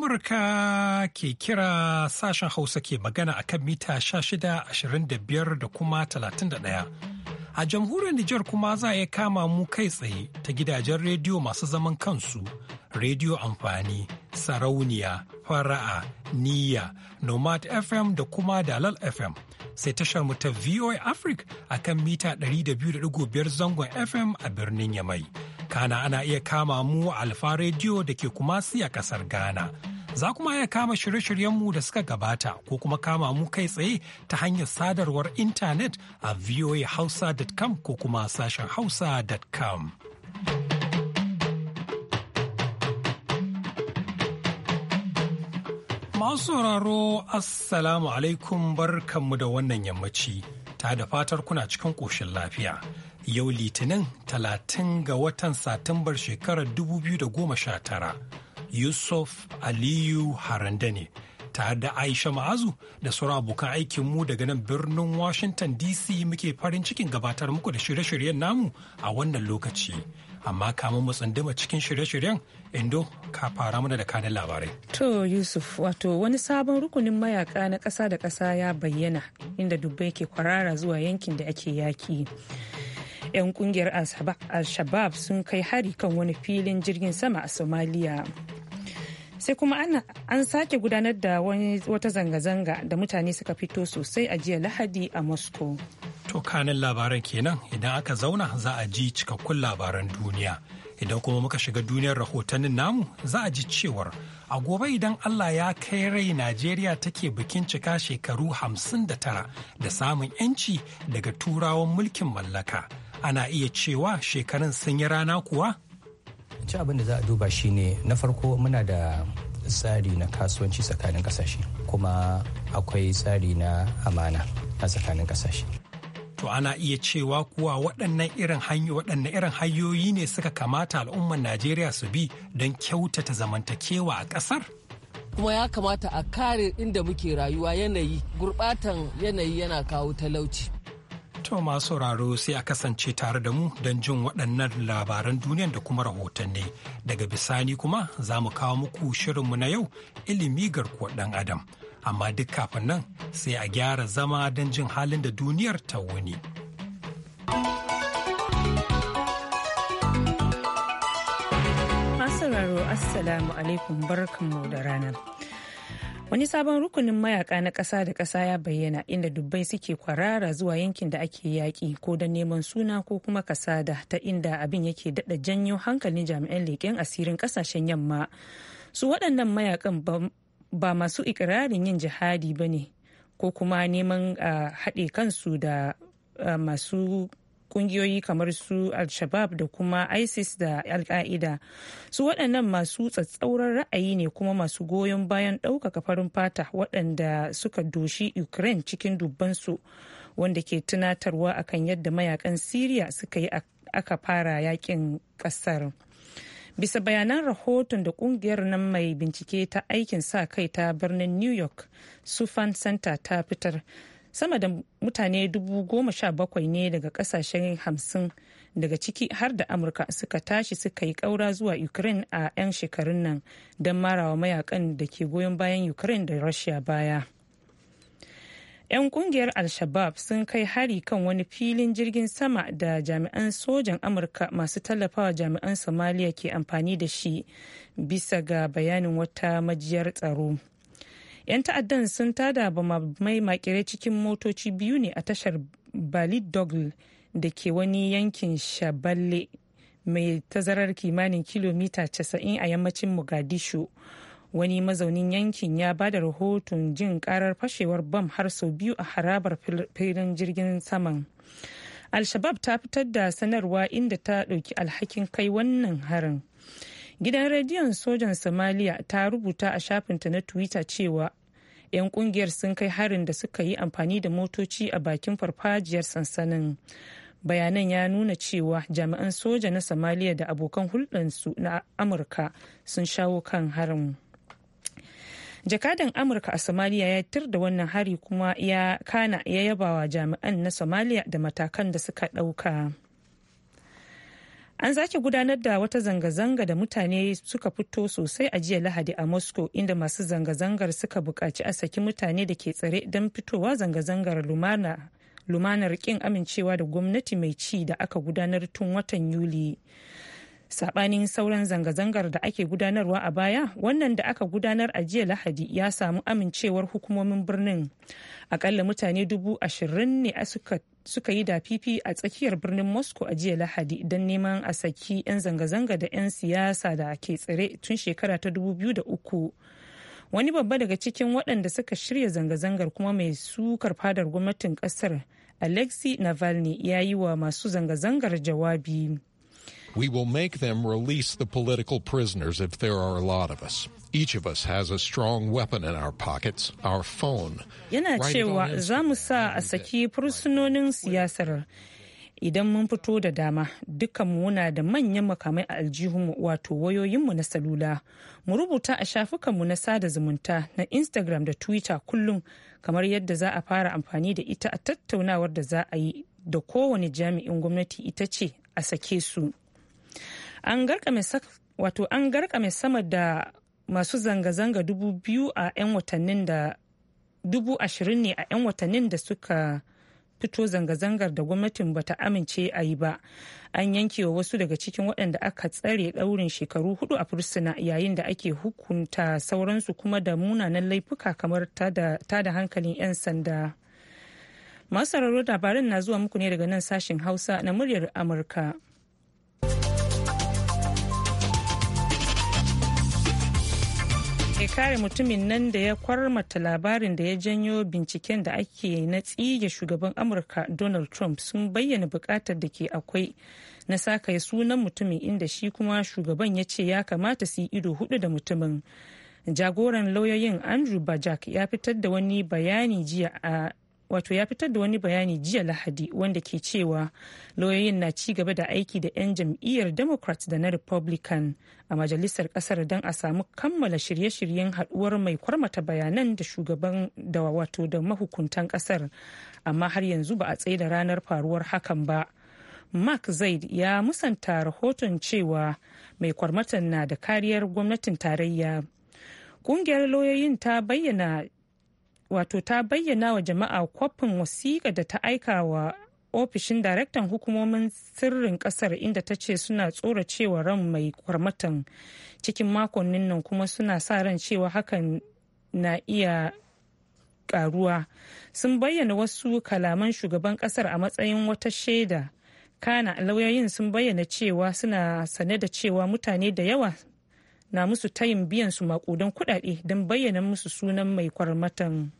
Amurka ke kira sashen Hausa ke magana a kan mita 1625 da kuma 31. A jamhuriyar Nijar kuma za a iya kama mu kai tsaye ta gidajen rediyo masu zaman kansu, rediyo amfani, sarauniya, fara'a, niyya, nomad FM da kuma dalal FM. Sai tashar mu ta VOA Africa a kan mita 200.5 zangon FM a birnin Yamai. Kana ana iya kama mu a Alfa rediyo da ke Kumasi a ƙasar Ghana. Za kuma iya kama shirye-shiryenmu da suka gabata ko kuma kama mu kai tsaye ta hanyar sadarwar intanet a voahausa.com ko kuma sashen hausa.com. Masu sauraro Assalamu alaikum barkanmu da wannan yammaci ta da fatar kuna cikin ƙoshin lafiya. Yau Litinin talatin ga watan Satumbar shekarar 2019 Yusuf Aliyu Haranda ne tare da Aisha Ma'azu da sauran abokan aikinmu daga nan birnin Washington DC muke farin cikin gabatar muku da shirye-shiryen namu a wannan lokaci. Amma kamun mu tsunduma cikin shirye-shiryen indo ka fara mana da kanin labarai to yusuf wato wani sabon rukunin mayaka na ƙasa da ƙasa ya bayyana inda dubbai ke kwarara zuwa yankin da ake yaki 'yan kungiyar al-shabab sun kai hari kan wani filin jirgin sama a somaliya sai kuma an sake gudanar da wata zanga-zanga da mutane suka fito sosai a jiya lahadi a moscow to kanin labaran kenan idan aka zauna za a ji cikakkun labaran duniya Idan kuma muka shiga duniyar rahotannin namu za a ji cewar a gobe idan Allah ya kai rai Najeriya take bikin cika shekaru hamsin da tara da samun 'yanci daga turawan mulkin mallaka. Ana iya cewa shekarun sun yi rana kuwa? Ci abin da za a duba shine na farko muna da tsari na kasuwanci tsakanin kasashe kuma akwai tsari na amana a tsakanin kasashe to ana iya cewa kuwa waɗannan irin waɗannan irin hanyoyi ne suka kamata al'ummar najeriya su bi don kyautata zamantakewa a ƙasar kuma ya kamata a kare inda muke rayuwa yanayi gurɓatan yanayi yana kawo talauci to masu sauraro sai a kasance tare da mu don jin waɗannan labaran duniyan da kuma rahotanni daga bisani kuma za mu kawo muku shirinmu na yau ilimi garkuwar ɗan adam amma duk kafin nan sai a gyara zama don jin halin da duniyar ta wuni. Masararo assalamu alaikum barkanmu da rana wani sabon rukunin mayaka na ƙasa da ƙasa ya bayyana inda dubbai suke kwarara zuwa yankin da ake yaƙi ko da neman suna ko kuma kasada ta inda abin yake daɗa janyo hankalin jami'an leƙen asirin ƙasashen yamma su waɗannan mayakan ba masu ikirarin yin jihadi ba ne ko kuma neman haɗe kansu da masu kungiyoyi kamar su al-shabab da kuma isis da al-qaida su waɗannan masu tsatsauran ra'ayi ne kuma masu goyon bayan ɗaukaka farin fata waɗanda suka doshi ukraine cikin dubbansu wanda ke tunatarwa akan yadda mayakan syria suka yi aka fara yakin ƙasar. bisa bayanan rahoton da kungiyar nan mai bincike ta aikin sa kai ta birnin new york sufan center ta fitar sama da mutane dubu goma sha bakwai ne daga kasashen hamsin daga ciki har da amurka suka tashi suka yi kaura zuwa ukraine a 'yan shekarun nan don marawa mayakan da ke goyon bayan ukraine da russia baya 'Yan kungiyar Al-Shabab sun kai hari kan wani filin jirgin sama da jami'an sojan Amurka masu tallafawa jami'an Somalia ke amfani da shi bisa ga bayanin wata majiyar tsaro. 'Yan ta'addan sun tada mai makere cikin motoci biyu ne a tashar Balidogle da ke wani yankin Shaballe mai tazarar kimanin kilomita 90 a yammacin Mogadishu. wani mazaunin yankin ya bada rahoton jin karar fashewar bam har sau biyu a harabar filin jirgin saman al-shabab ta fitar da sanarwa inda ta ɗauki alhakin kai wannan harin gidan rediyon sojan somalia ta rubuta a shafinta na twitter cewa 'yan kungiyar sun kai harin da suka yi amfani da motoci a bakin farfajiyar sansanin bayanan ya nuna cewa jami'an soja na samaliya da abokan hulɗarsu na amurka sun shawo kan harin. jakadan amurka a somalia ya tir da wannan hari kuma ya kana ya yabawa jami'an na somalia da matakan da suka ɗauka. an zaki gudanar da wata zanga-zanga da mutane suka fito sosai a jiya lahadi a moscow inda masu zanga-zangar suka buƙaci a saki mutane da ke tsare don fitowa zanga-zangar lumana lumanar kin amincewa da gwamnati mai ci da aka gudanar tun watan yuli sabanin sauran zanga-zangar da ake gudanarwa a baya wannan da aka gudanar a jiya lahadi ya samu amincewar hukumomin birnin akalla mutane dubu ashirin ne suka yi da fifi a tsakiyar birnin moscow a jiya lahadi don neman a saki 'yan zanga-zanga da 'yan siyasa da ke tsire tun shekara ta 2003 wani babba daga cikin waɗanda suka shirya zanga-zangar kuma mai sukar fadar gwamnatin ƙasar alexi navalny ya yi wa masu zanga-zangar jawabi We will make them release the political prisoners if there are a lot of us. Each of us has a strong weapon in our pockets, our phone. Yana cewa za mu sa a saki fursunonin siyasar. Idan mun fito da dama, dukkanmu muna da manyan makamai a aljihunmu wato wayoyinmu na salula. Mu rubuta a shafukanmu na sada zumunta na Instagram da Twitter kullum kamar yadda za a fara amfani da ita a tattaunawar da za a yi da kowane jami'in gwamnati ita ce a sake su. an garkame wato sama da masu zanga-zanga dubu biyu a 'yan watannin da dubu ashirin ne a 'yan watannin da suka fito zanga-zangar da gwamnatin bata amince a yi ba an yanke wa wasu daga cikin waɗanda aka tsare ɗaurin shekaru hudu a fursuna yayin da ake hukunta sauransu kuma da munanan laifuka kamar ta da hankalin 'yan sanda masu sauraro labarin na zuwa muku ne daga nan sashen hausa na muryar amurka ke kare mutumin nan da ya kwarmata labarin da ya janyo binciken da ake na tsige shugaban amurka donald trump sun bayyana bukatar da ke akwai na sakaye sunan mutumin inda shi kuma shugaban ya ce ya kamata su yi ido hudu da mutumin jagoran lauyoyin andrew bajak ya fitar da wani bayani jiya a wato ya fitar da wani bayani jiya lahadi wanda ke cewa lauyoyin na ci gaba da aiki da 'yan jam'iyyar democrats da na republican a majalisar kasar don a samu kammala shirye-shiryen haduwar mai kwarmata bayanan da shugaban da wato da mahukuntan kasar amma har yanzu ba a tsaida ranar faruwar hakan ba mark zaid ya musanta rahoton cewa mai kwarmatan na da kariyar gwamnatin tarayya kungiyar lauyoyin ta bayyana wato ta bayyana wa jama'a kwafin wasiƙa da ta aika wa ofishin daraktan hukumomin sirrin kasar inda ta ce suna tsora cewa ran mai kwarmatan cikin makonnin nan kuma suna sa ran cewa hakan na iya karuwa sun bayyana wasu kalaman shugaban kasar a matsayin wata shaida kana lauyoyin sun bayyana cewa suna sane da cewa mutane da yawa na musu tayin biyan su makudan kudade don bayyana musu sunan mai kwarmatan.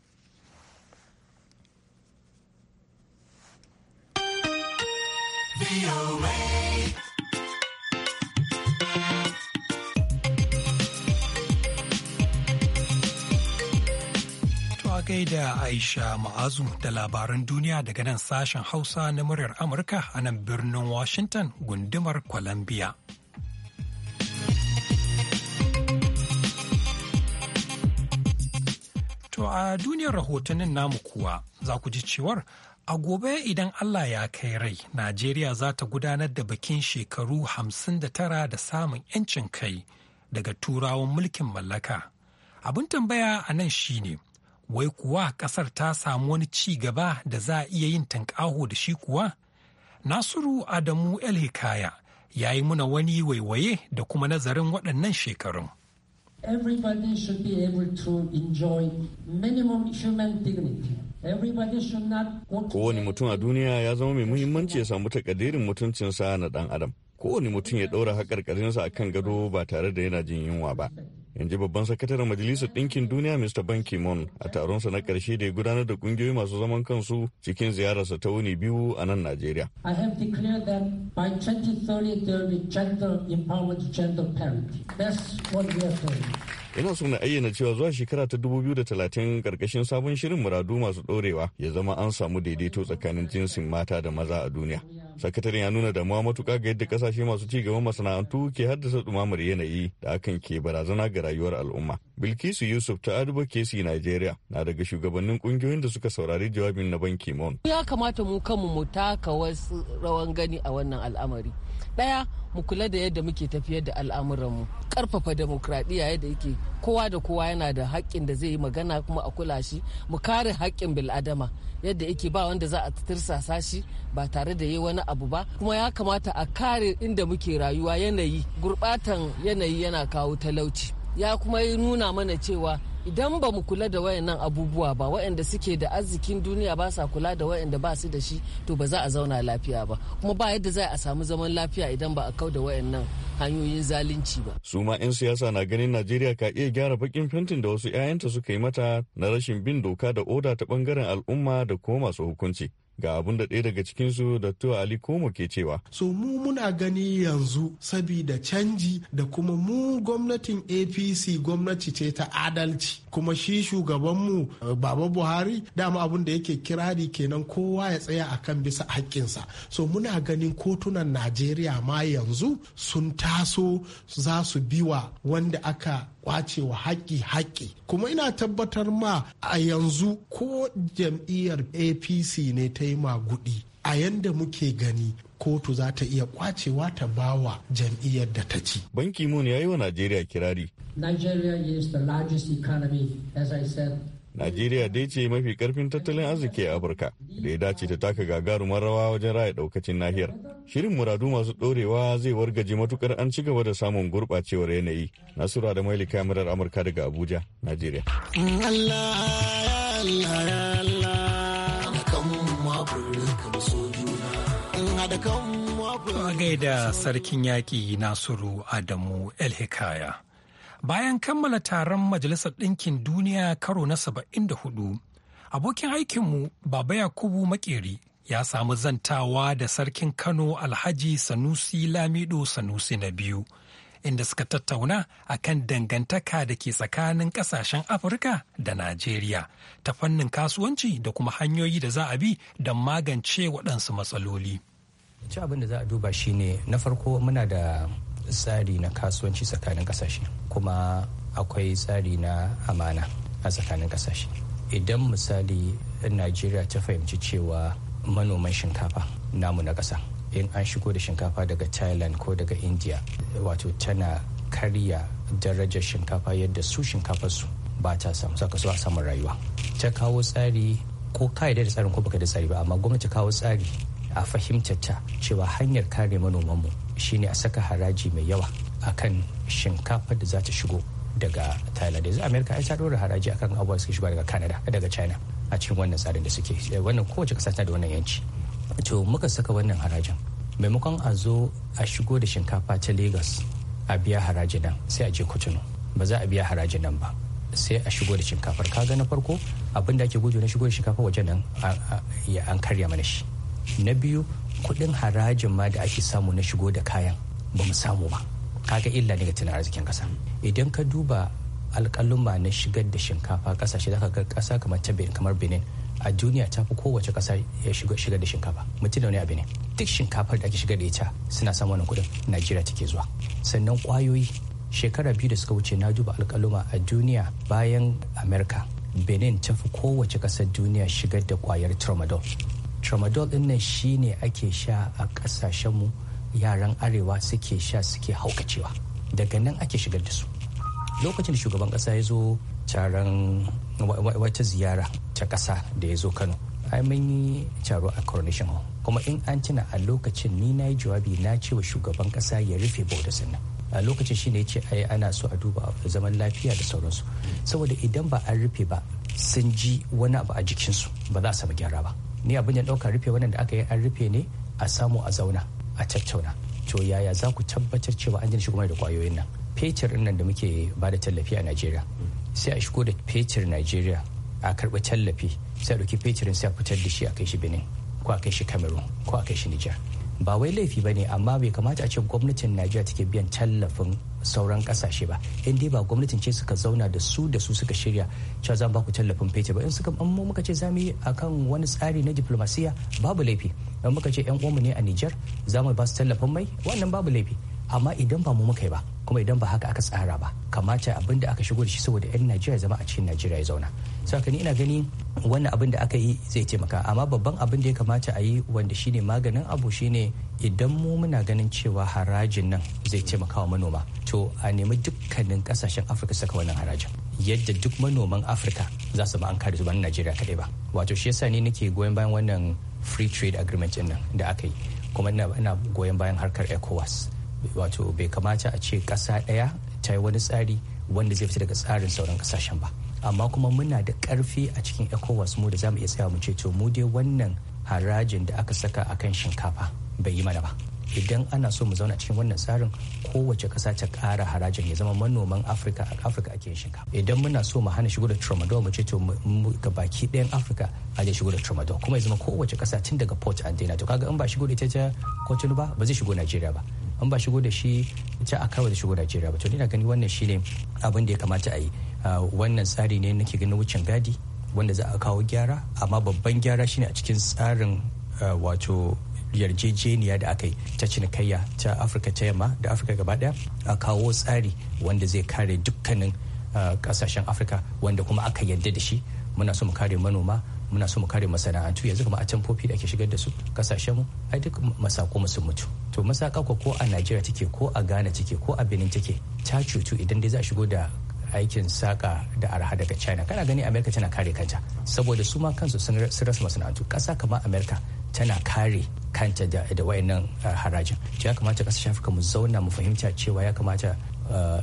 gaida Aisha Ma'azu da labaran duniya daga nan sashen Hausa na muryar Amurka a nan birnin Washington gundumar Columbia. To a duniyar rahotannin namu kuwa za ku ji cewar A gobe idan Allah ya kai rai, Najeriya za ta gudanar da bikin shekaru hamsin da tara da samun 'yancin kai daga turawan mulkin mallaka. Abin tambaya a nan shine, wai kuwa ƙasar ta samu wani ci gaba da za a iya yin tankaho da shi kuwa? Nasiru Adamu El Hikaya ya yi muna wani waiwaye da kuma nazarin waɗannan shekarun. Everybody should be able to enjoy minimum human dignity. Kowane mutum a duniya ya zama mai muhimmanci ya samu takadirin mutuncinsa na ɗan adam. Kowane mutum ya ɗaura haƙarƙarinsa a kan gado ba tare da yana jin yunwa ba. in ji babban sakataren majalisar ɗinkin duniya mr ban kimon a taronsa na ƙarshe da ya gudanar da ƙungiyoyi masu zaman kansu cikin ziyararsa ta wuni biyu a nan najeriya That's what we are doing. ina so na ayyana cewa zuwa shekara ta 2030 karkashin sabon shirin muradu masu dorewa ya zama an samu daidaito tsakanin jinsin mata da maza a duniya sakatare ya nuna damuwa matuka ga yadda kasashe masu ci gaban masana'antu ke haddasa dumamar yanayi da hakan ke barazana ga rayuwar al'umma bilkisu yusuf ta kesi nigeria na daga shugabannin kungiyoyin da suka saurari jawabin na banki mon ya kamata mu kanmu mu taka wasu rawan gani a wannan al'amari ɗaya mu kula da yadda muke tafiyar da al'amuranmu karfafa demokradiyya yadda yake kowa da kowa yana da haƙƙin da zai yi magana kuma a kula shi mu kare haƙƙin bil'adama yadda yake ba wanda za a tirsasa shi ba tare da yi wani abu ba kuma ya kamata a kare inda muke rayuwa yanayi gurbatan yanayi yana kawo talauci ya kuma yi nuna mana cewa idan ba mu kula da wayannan abubuwa ba wayanda suke da arzikin duniya ba sa kula da wayanda ba su da shi to ba za a zauna lafiya ba kuma ba yadda za a samu zaman lafiya idan ba a kau da wayannan hanyoyin zalunci ba su ma 'yan siyasa na ganin najeriya ka iya gyara bakin fentin da wasu 'ya'yanta suka yi mata na rashin bin doka da oda ta bangaren al'umma da kuma masu hukunci ga abin da ɗaya daga cikinsu Dr. Ali Komo ke cewa. So mu muna gani yanzu sabida canji da kuma mu gwamnatin APC gwamnati ce ta adalci kuma shi shugabanmu eh, Baba Buhari dama abin da yake kirari kenan kowa ya tsaya akan bisa haƙƙinsa. So muna ganin kotunan Najeriya ma yanzu sun taso za su biwa wanda aka kwacewa haƙƙi haƙi kuma ina tabbatar ma a yanzu ko jam'iyyar apc ne ta yi magudi a yanda muke gani kotu za ta iya kwacewa ta bawa jam'iyyar da ta ci. Banki Mun ya yi wa Najeriya kirari. Nigeria is the largest economy, as I said, Najeriya dai ce mafi karfin tattalin arziki a Afirka da ya dace ta taka gagarumar rawa wajen raya daukacin nahiyar. Shirin muradu masu ɗorewa zai wargaje matukar an ci gaba da samun gurɓacewar yanayi. Nasura da Maili kamarar Amurka daga Abuja, Najeriya. Allah gaida sarkin yaƙi Nasiru Adamu El Hikaya. bayan kammala taron majalisar ɗinkin duniya karo na saba'in da hudu, abokin aikinmu baba yakubu makeri ya samu zantawa da sarkin kano alhaji sanusi lamido sanusi na biyu inda suka tattauna a kan dangantaka da ke tsakanin ƙasashen afirka da najeriya ta fannin kasuwanci da kuma hanyoyi da za a bi don magance waɗansu matsaloli ci abin da za a duba shine na farko muna da tsari na kasuwanci tsakanin kasashe kuma akwai tsari na amana a tsakanin kasashe idan misali najeriya ta fahimci cewa manoman shinkafa namu na ƙasa in an shigo da shinkafa daga thailand ko daga india wato tana karya darajar shinkafa yadda su shinkafarsu ba ta samu saka su a samun rayuwa ta kawo tsari ko ka da tsarin ko baka da tsari ba amma gwamnati kawo tsari a fahimtar ta cewa hanyar kare manomanmu shine a saka haraji mai yawa akan shinkafa da za ta shigo daga thailand yanzu amerika ai ta dora haraji akan abubuwa suke shigo daga canada daga china a cikin wannan tsarin da suke eh, wannan kowace kasa ta da wannan yanci to muka saka wannan harajin maimakon a zo a shigo da shinkafa ta lagos a biya haraji nan sai a je kotunu ba za a biya haraji nan ba sai a shigo da shinkafar kaga na farko abin da ake gudu na shigo da shinkafa wajen nan an karya mana shi na biyu kuɗin harajin ma da ake samu na shigo da kayan ba mu samu ba kaga illa ne ga tattalin arzikin ƙasa idan ka duba alƙaluma na shigar da shinkafa ƙasashe zaka ga kasa kamar ta kamar benin a duniya ta fi kowace ƙasa ya shigar da shinkafa mutum da wani abu ne duk shinkafar da ake shigar da ita suna samun wannan kuɗin najeriya take zuwa sannan kwayoyi shekara biyu da suka wuce na duba alƙaluma a duniya bayan amerika benin ta fi kowace ƙasar duniya shigar da kwayar tramadol tramadol din nan shi ne ake sha a kasashenmu yaran arewa suke sha suke haukacewa daga nan ake shigar da su lokacin da shugaban kasa ya zo taron wata ziyara ta kasa da ya zo kano ai mun yi taro a coronation hall kuma in an tuna a lokacin ni na yi jawabi na cewa shugaban kasa ya rufe bautar nan a lokacin shine ya ce ai ana so a duba zaman lafiya da sauransu saboda idan ba an rufe ba sun ji wani abu a jikinsu ba za a samu gyara ba ni abin ya ɗauka rufe wannan da aka yi an rufe ne a samu a zauna a tattauna to yaya za ku tabbatar cewa an jina shigo da kwayoyin nan fetur nan da muke ba da tallafi a najeriya sai a shigo da fetur najeriya a karɓi tallafi sai a ɗauki fetirin sai a fitar da shi a kai shi benin ko a kai shi cameroon ko a kai shi niger ba wai laifi ba ne amma bai kamata a ce gwamnatin najeriya take biyan tallafin sauran kasashe ba in dai ba gwamnatin ce suka zauna da su da su suka shirya cewa za ba ku tallafin fetur ba in suka an mu muka ce za mu yi akan wani tsari na diplomasiya babu laifi in muka ce yan uwanmu ne a Niger za mu ba su tallafin mai wannan babu laifi amma idan ba mu muka yi ba kuma idan ba haka aka tsara ba kamata abin da aka shigo da shi saboda yan najeriya zama a cikin najeriya ya zauna saka ni ina gani wannan abin da aka yi zai taimaka amma babban abin da ya kamata a yi wanda shine maganin abu shine idan mu muna ganin cewa harajin nan zai taimaka wa manoma to a nemi dukkanin kasashen afirka saka wannan harajin yadda duk manoman afirka za su ma an kare zuban najeriya kadai ba wato shi yasa ne nake goyon bayan wannan free trade agreement din nan da aka yi kuma ina goyon bayan harkar ecowas wato bai kamata a ce ƙasa ɗaya ta yi wani tsari wanda zai fita daga tsarin sauran ƙasashen ba amma kuma muna da ƙarfi a cikin ecowas mu da za mu iya tsaya mu ce to mu dai wannan harajin da aka saka akan shinkafa bai yi mana ba idan ana so mu zauna cikin wannan tsarin kowace kasa ta kara harajin ya zama manoman afirka a afirka ake shinkafa idan muna so mu hana shigo da tramadol mu ce to ga baki ɗayan afirka a je shigo da tramadol kuma ya zama kowace kasa tun daga port antena to kaga in ba shigo da ita ta kotunu ba ba zai shigo najeriya ba in ba shigo da shi ta akawa da shigo najeriya ba to ina gani wannan shine abin da ya kamata a yi wannan tsari ne nake ganin wucin gadi wanda za a kawo gyara amma babban gyara shine a cikin tsarin wato yarjejeniya da aka yi ta cinikayya ta afirka ta yamma da afirka gaba daya a kawo tsari wanda zai kare dukkanin kasashen afirka wanda kuma aka yarda da shi muna so mu kare manoma muna so mu kare masana'antu yanzu kuma a can fofi da ake shigar da su kasashen mu ai duk masako mu sun mutu to masaka ko a Najeriya take ko a Ghana take ko a Benin take ta cutu idan dai za a shigo da aikin saka da arha daga China kana gani America tana kare kanta saboda su ma kansu sun rasa masana'antu kasa kamar America tana kare kanta da wayannan harajin ya kamata kasashen afirka mu zauna mu fahimta cewa ya kamata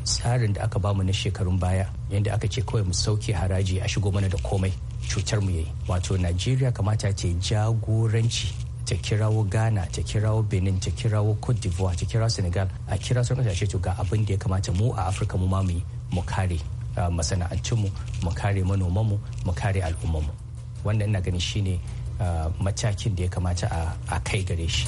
tsarin da aka bamu na shekarun baya yadda aka ce kawai mu sauke haraji a shigo mana da komai cutar mu yayi wato najeriya kamata ta jagoranci ta kirawo ghana ta kirawo benin ta kirawo cote d'ivoire ta kirawo senegal a kira sauran kasashe to ga abin da ya kamata mu a afirka mu ma mu kare masana'antunmu mu kare manomanmu mu kare al'ummanmu wannan ina ganin shine matakin da ya kamata a kai gare shi.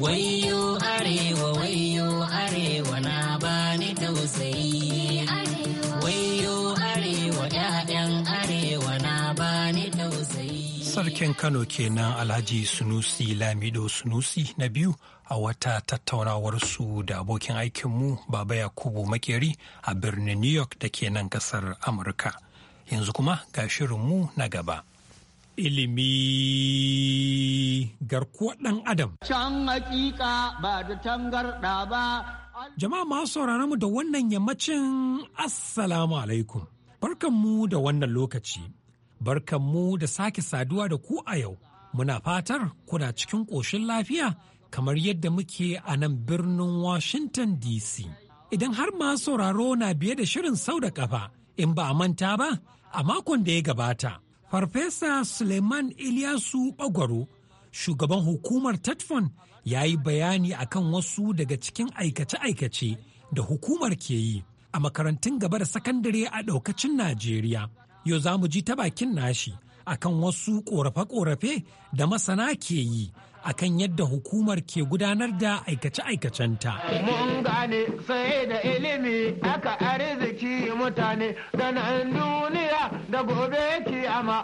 Wayo arewa wayo arewa na bani tausayi. Wayo arewa ƴaƴan arewa na bani tausayi. Sarkin Kano kenan Alhaji Sunusi Lamido Sunusi na biyu a wata tattaunawarsu da abokin aikinmu Baba Yakubu Makeri a birnin New York da ke nan kasar Amurka. Yanzu kuma ga shirinmu na gaba. ilimi garkuwar ɗan adam. Can hakika ba da tangarɗa ba. Jama'a masu sauraron mu da wannan yammacin Assalamu alaikum. Barkanmu da wannan lokaci. Barkanmu da sake saduwa da ku a yau. Muna fatar kuna cikin ƙoshin lafiya kamar yadda muke a nan birnin Washington DC. Idan har masu sauraro na biye da shirin sau da kafa in ba a manta ba a makon da ya gabata. Farfesa Suleiman Ilyasu Bagwaro, shugaban hukumar Tetfon, ya yi bayani akan wasu daga cikin aikace-aikace da hukumar ke yi a makarantun gaba da sakandare a ɗaukacin Najeriya. Yau za mu ji ta bakin nashi akan wasu ƙorafe-ƙorafe da masana ke yi akan yadda hukumar ke gudanar da aikace-aikacenta. Mun gane sai da ilimi aka arziki mutane da nan duniya da gobe kiyama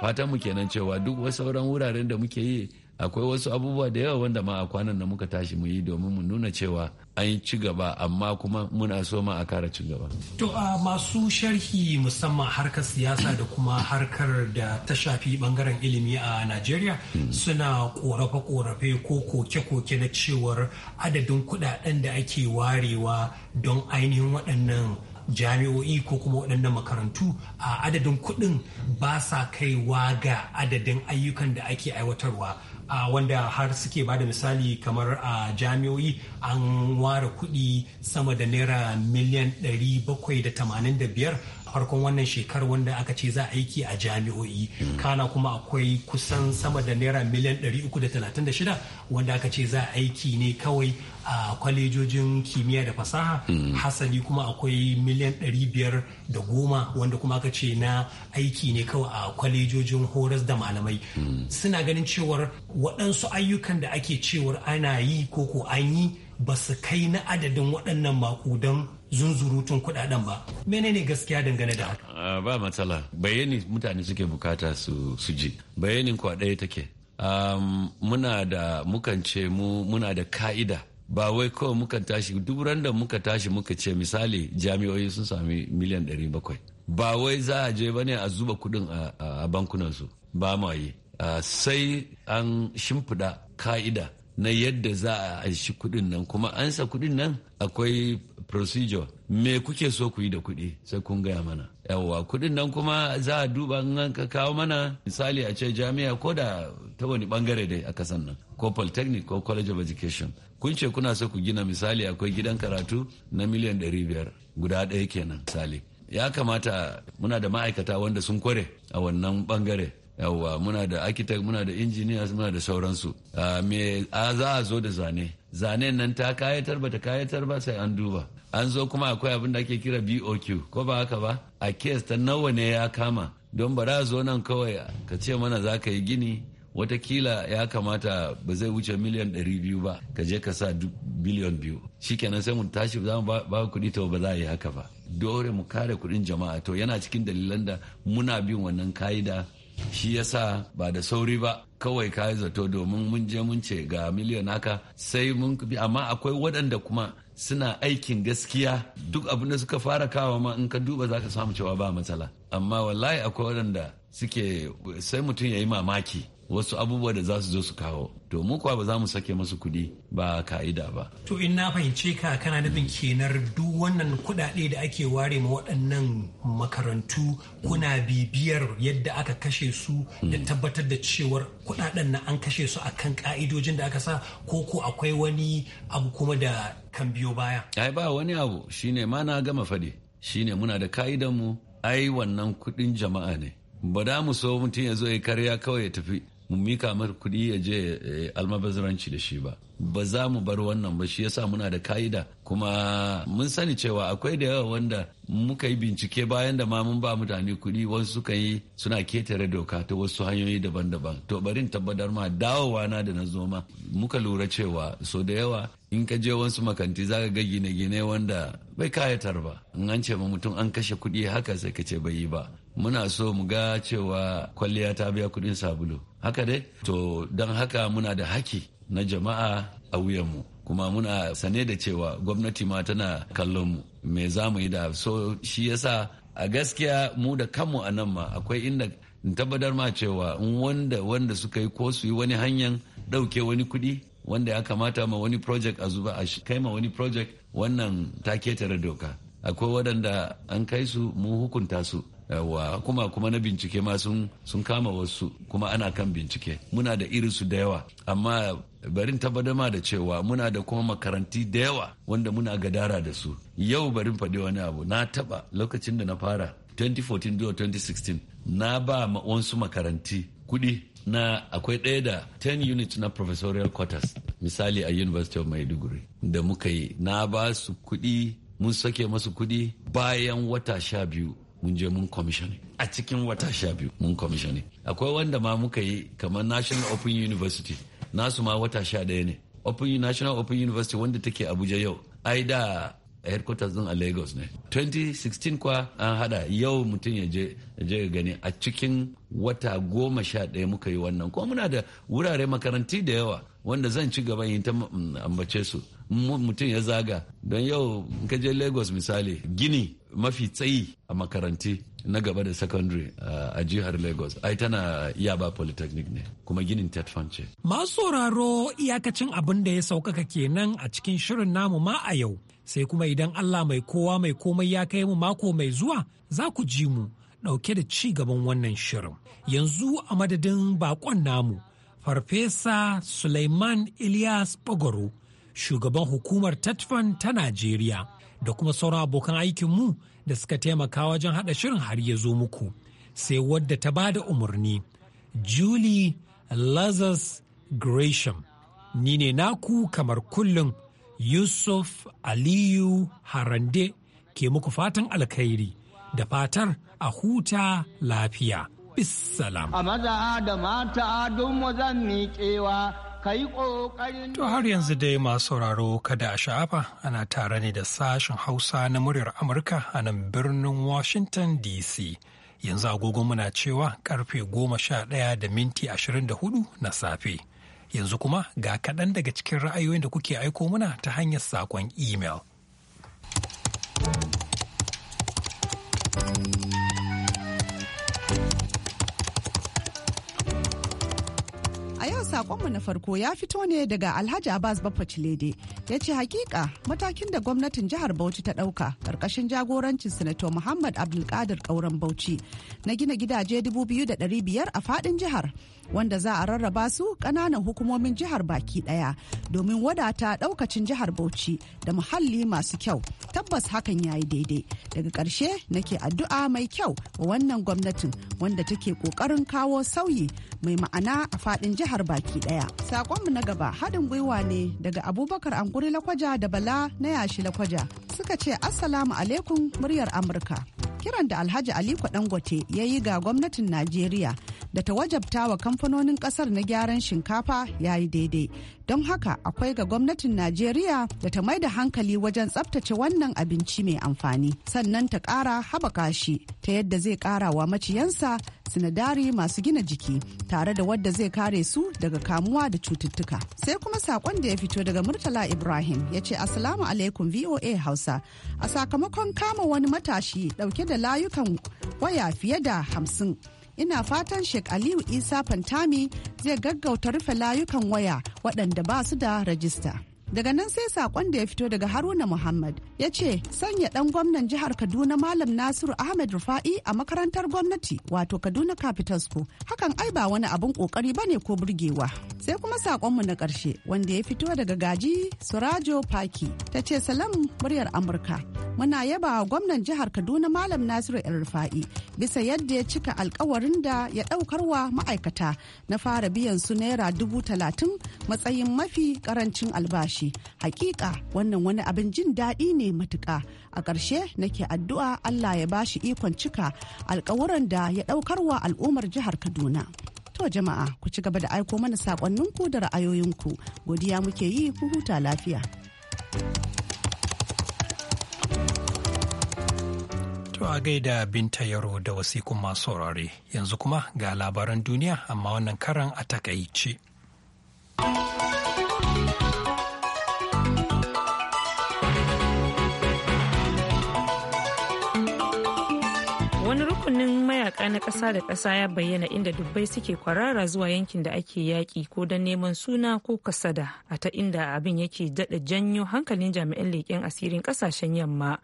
fatan mu kenan cewa duk wasu sauran wuraren da muke yi akwai wasu abubuwa da yawa wanda ma a kwanan da muka tashi mu yi domin mu nuna cewa an yi ci gaba amma kuma muna so ma a kara ci gaba. To a masu sharhi musamman harkar siyasa da kuma harkar da ta shafi bangaren ilimi a Najeriya hmm. suna korafe-korafe ko koke-koke na cewar adadin kudaden da ake warewa don ainihin waɗannan jami'o'i ko kuma waɗannan makarantu a adadin kuɗin ba sa kaiwa ga adadin ayyukan da ake aiwatarwa a wanda har suke bada misali kamar a jami'oi an ware kuɗi sama da naira miliyan 785 farkon wannan shekar wanda aka ce za aiki a jami'o'i kana kuma akwai kusan sama da naira miliyan 336 wanda aka ce za aiki ne kawai a kwalejojin kimiyya da fasaha mm. hasali kuma akwai miliyan 510 wanda kuma aka ce na aiki ne kawai a kwalejojin horas da malamai mm. suna ganin cewar waɗansu ayyukan da ake cewar ana yi ko ko an yi ba su kai na adadin waɗannan makudan zunzurutun kuɗaɗen ba menene gaskiya dangane da haka ah, ba matsala bayani mutane suke bukata su ji bayanin ɗaya take um, muna da mukan ce mu muna da ka'ida ba wai kawai mukan tashi duk da muka tashi muka ce misali jami'o'i sun sami miliyan 700 ba wai za a je bane a zuba kuɗin a bankunansu ba ma yi ah, sai an shimfiɗa ka'ida na yadda za a aishi kuɗin nan kuma ansa kuɗin nan akwai procedure me kuke so ku yi da kuɗi sai kun gaya mana yawwa kuɗin nan kuma za a duba in ka kawo mana misali a ce jami'a ko da ta wani bangare dai a kasan nan ko polytechnic ko college of education kun ce kuna so ku gina misali akwai gidan karatu na miliyan ɗari biyar guda ɗaya kenan misali ya kamata muna da ma'aikata wanda sun kware a wannan bangare yawwa muna da architect muna da engineers muna da sauransu ah, me ah, za a zo da zane zane nan ta kayatar ba ta kayatar ba sai an duba an zo kuma akwai abin da ake kira BOQ ko ba haka ba a kes ta nawa ne ya kama don ba za zo nan kawai ka ce mana za ka yi gini watakila ya kamata ba zai wuce miliyan 200 ba ka je ka sa biliyan biyu shikenan sai mu tashi za ba kuɗi to ba za a yi haka ba dore mu kare kuɗin jama'a to yana cikin dalilan da muna bin wannan ka'ida shi yasa ba da sauri ba kawai ka yi zato domin mun je mun ce ga miliyan haka sai mun bi amma akwai waɗanda kuma suna aikin gaskiya duk abin da suka fara kawo ma in ka duba za ka samu cewa ba matsala amma wallahi akwai waɗanda suke sai mutum ya yi mamaki wasu abubuwa da za su zo su kawo to mu kuwa ba za mu sake masu kuɗi ba ka'ida ba. to in na fahimce ka kana nufin kenar duk wannan kuɗaɗe da ake ware ma waɗannan makarantu kuna bibiyar yadda aka kashe su da hmm. tabbatar da cewar kudaden na an kashe su akan ka'idojin da aka sa ko ko akwai wani abu kuma da kan biyo baya. ai ba wani abu shine ma na gama faɗi shine muna da mu ai wannan kuɗin jama'a ne. ba da mu so mutum ya zo ya karya kawai ya tafi mu mika mar kuɗi ya je eh, almabazuranci da shi ba ba za mu bar wannan ba shi yasa muna da ka'ida kuma mun sani cewa akwai da yawa wanda muka yi bincike bayan da ma mun ba mutane kuɗi wasu suka yi suna ketare doka ta wasu hanyoyi daban-daban to barin tabbatar ma dawowa na da na zo ma muka lura cewa so da yawa in ka je wasu makanti zaka ga gine-gine wanda bai kayatar ba in an ce ma mutum an kashe kuɗi haka sai ka ce bai yi ba muna so mu ga cewa kwalliya ta biya kuɗin sabulu haka dai to don haka muna da haki na jama'a a wuyanmu kuma muna sane da cewa gwamnati ma tana kallon mu me za mu yi da so shi yasa a gaskiya mu da kanmu a nan ma akwai inda in tabbatar ma cewa wanda wanda suka yi ko su yi wani hanyar ɗauke wani kuɗi wanda ya kamata ma wani project a zuba a kai ma wani project wannan ta ketare doka akwai waɗanda an kai su mu hukunta su yawa kuma kuma na bincike ma sun kama wasu kuma ana kan bincike muna da irin da yawa amma barin tabbatar da cewa muna da kuma makaranti da yawa wanda muna gadara da su yau barin faɗi wani abu na taɓa lokacin da na fara 2014 zuwa 2016 na ba wasu makaranti kuɗi na akwai ɗaya da 10 units na professorial quarters misali a university of maiduguri da muka yi na ba su kuɗi mun sake masu kuɗi bayan wata sha biyu mun je mun commission a cikin wata sha biyu mun commission akwai wanda ma muka yi kamar national open university nasu ma wata sha ɗaya ne open national open university wanda take abuja yau ai da headquarters din a lagos ne 2016 kwa an hada yau mutum ya je ya gani a cikin wata goma sha ɗaya muka yi wannan kuma muna da wurare makaranti da yawa wanda zan ci gaba yin ta ambace su mutum ya zaga don yau kaje je lagos misali gini mafi tsayi a makaranti na gaba da secondary uh, a jihar lagos ai tana yaba polytechnic ne kuma ginin tetfan ce masu sauraro iyakacin abin da ya saukaka kenan a cikin shirin namu ma a yau sai kuma idan allah mai kowa mai komai ya kai mu mako mai zuwa za ku ji mu dauke da ci gaban wannan shirin yanzu a madadin bakon namu Farfesa Suleiman Ilyas Bagwaro, shugaban hukumar Tatfan ta Najeriya, da kuma sauran abokan aikinmu da suka taimaka wajen haɗa shirin har ya zo muku, sai wadda ta ba da umarni, Julie Lazarus Gresham. Ni ne naku kamar kullum Yusuf Aliyu Harande ke muku fatan alkhairi da fatar a huta lafiya. bisalam. A maza da mata don zan miƙewa ka yi ƙoƙarin. To har yanzu dai masu sauraro kada a sha'afa ana tare ne da sashen Hausa na muryar Amurka a nan birnin Washington DC. Yanzu agogo muna cewa karfe goma sha ɗaya da minti ashirin da hudu na safe. Yanzu kuma ga kaɗan daga cikin ra'ayoyin da kuke aiko muna ta hanyar saƙon imel. yau sakonmu na farko ya fito ne daga Alhaji Abbas Baffa Ya ce hakika matakin da gwamnatin jihar Bauchi ta ɗauka ƙarƙashin jagorancin Sanato Muhammad Abdulkadir kauran Bauchi na gina gidaje 2,500 a fadin jihar wanda za a rarraba su kananan hukumomin jihar baki ɗaya domin wadata ɗaukacin jihar Bauchi da muhalli masu kyau. tabbas hakan ya yi daidai daga ƙarshe nake addu'a mai kyau wa wannan gwamnatin wanda take ƙoƙarin kawo sauyi mai ma'ana a faɗin jihar baki ɗaya saƙonmu na gaba haɗin gwiwa ne daga abubakar anguri lakwaja da bala na yashi lakwaja suka ce assalamu alaikum muryar amurka kiran da alhaji aliko dangote ya yi ga gwamnatin najeriya da ta wajabta wa kamfanonin ƙasar na gyaran shinkafa ya yi daidai don haka akwai ga gwamnatin najeriya da ta mai da hankali wajen tsabtace wannan abinci mai amfani sannan ta ƙara haɓaka shi ta yadda zai ƙara wa maciyansa sinadari masu gina jiki tare da wadda zai kare su daga kamuwa da cututtuka sai kuma sakon da ya fito daga murtala ibrahim ya ce asalamu alaikum voa hausa a sakamakon kama wani matashi dauke da layukan waya fiye da hamsin ina fatan Sheikh Aliyu Isa Fantami zai gaggauta rufe layukan waya waɗanda ba su da rajista. daga nan sai sakon da ya fito daga haruna muhammad ya ce sanya dan gwamnan jihar kaduna malam nasiru ahmed rufa'i a makarantar gwamnati wato kaduna capital school hakan ai ba wani abun kokari bane ko burgewa sai kuma sakonmu na karshe wanda ya fito daga gaji surajo paki ta ce salam muryar amurka muna yaba gwamnan jihar kaduna malam nasiru el rufa'i bisa yadda ya cika alkawarin da ya wa ma'aikata na fara biyan su naira dubu talatin matsayin mafi karancin albashi shi hakika wannan wani abin jin daɗi ne matuka a ƙarshe nake addu'a allah ya bashi ikon cika alkawuran da ya ɗaukar wa al'ummar jihar kaduna to jama'a ku ci gaba da aiko mana saƙonninku da ra'ayoyinku godiya muke yi ku huta lafiya To a gaida binta yaro da wasikun masu saurare yanzu kuma ga labaran duniya amma wannan karan a takaice. haƙa na ƙasa da ƙasa ya bayyana inda dubbai suke kwarara zuwa yankin da ake yaƙi ko don neman suna ko kasada a ta inda abin yake daɗa janyo hankalin jami'an leƙen asirin ƙasashen yamma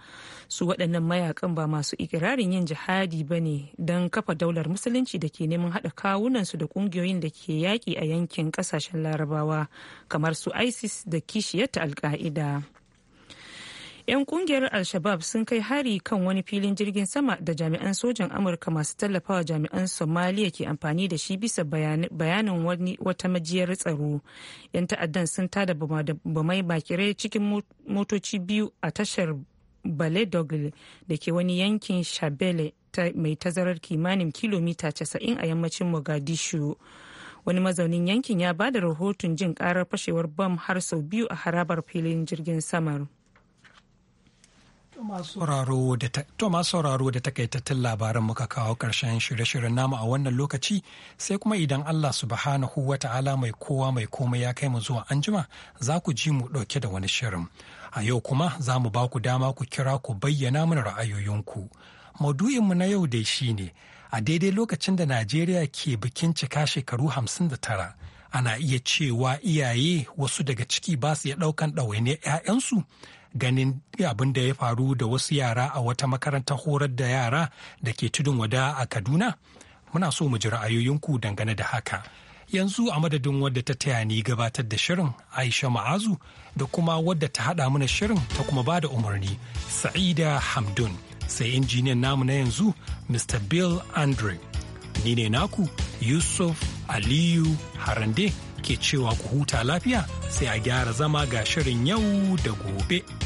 su waɗannan mayakan ba masu ikirarin yin jihadi ba ne don kafa daular musulunci da ke neman haɗa kawunansu da ƙungiyoyin da ke yaƙi a yankin ƙasashen larabawa kamar su isis da kishiyarta alƙa'ida 'Yan kungiyar Al-Shabab sun kai hari kan wani filin jirgin sama da jami'an sojan Amurka masu tallafawa jami'an Somaliya ke amfani da shi bisa bayanin wani wata majiyar tsaro. 'Yan ta'addan sun tada bamai bakirai cikin motoci biyu a tashar Baledogle da ke wani yankin Shabele mai tazarar kimanin kilomita 90 a yammacin Mogadishu. wani mazaunin yankin ya bada rahoton jin karar fashewar bam har sau biyu a harabar filin jirgin samar. To masu sauraro da takaitattun labaran muka kawo ƙarshen shirye-shiryen namu a wannan lokaci sai kuma idan Allah subhanahu wa ta'ala mai kowa mai komai ya kai mu zuwa anjima za ku ji mu ɗauke da wani shirin. A yau kuma za mu ba ku dama ku kira ku bayyana mana ra'ayoyinku. Maudu'inmu na yau dai shi ne a daidai lokacin da Najeriya ke bikin cika shekaru hamsin da tara. Ana iya cewa iyaye wasu daga ciki ba su iya ɗaukan ɗawainiyar 'ya'yansu. ganin abin da ya faru da wasu yara a wata makarantar horar da yara da ke tudun wada a kaduna muna so mu ji ra'ayoyinku dangane da haka yanzu a madadin wadda ta taya ni gabatar da shirin aisha ma'azu da kuma wadda ta haɗa mana shirin ta kuma ba da umarni sa'ida hamdun sai injiniyan namu na yanzu mr bill andre ni ne naku yusuf aliyu harande ke cewa ku huta lafiya sai a gyara zama ga shirin yau da gobe.